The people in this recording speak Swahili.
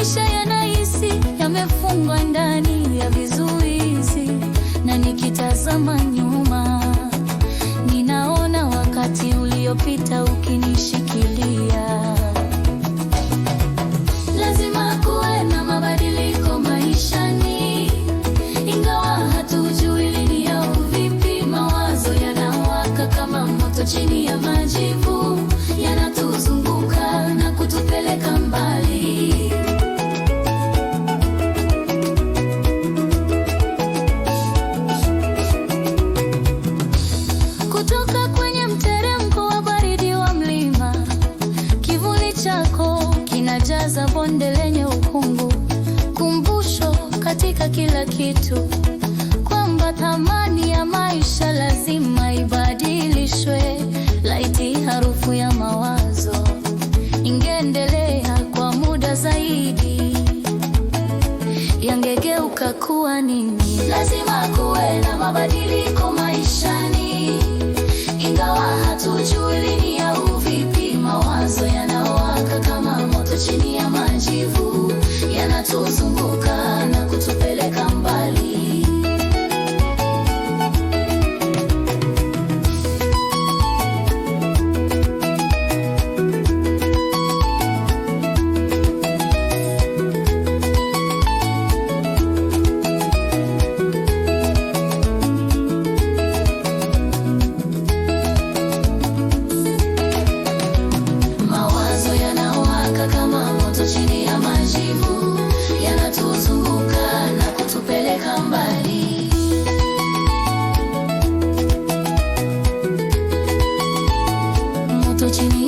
maisha yanahisi yamefungwa ndani ya vizuizi, na nikitazama nyuma ninaona wakati uliopita ukinishikilia. Lazima kuwe na mabadiliko maishani, ingawa hatujui lini au vipi. Mawazo yanawaka kama moto chini ya maji. chako kinajaza bonde lenye ukungu, kumbusho katika kila kitu kwamba thamani ya maisha lazima ibadilishwe. Laiti harufu ya mawazo ingeendelea kwa muda zaidi, yangegeuka kuwa nini? Lazima kuwe na mabadiliko. Imagine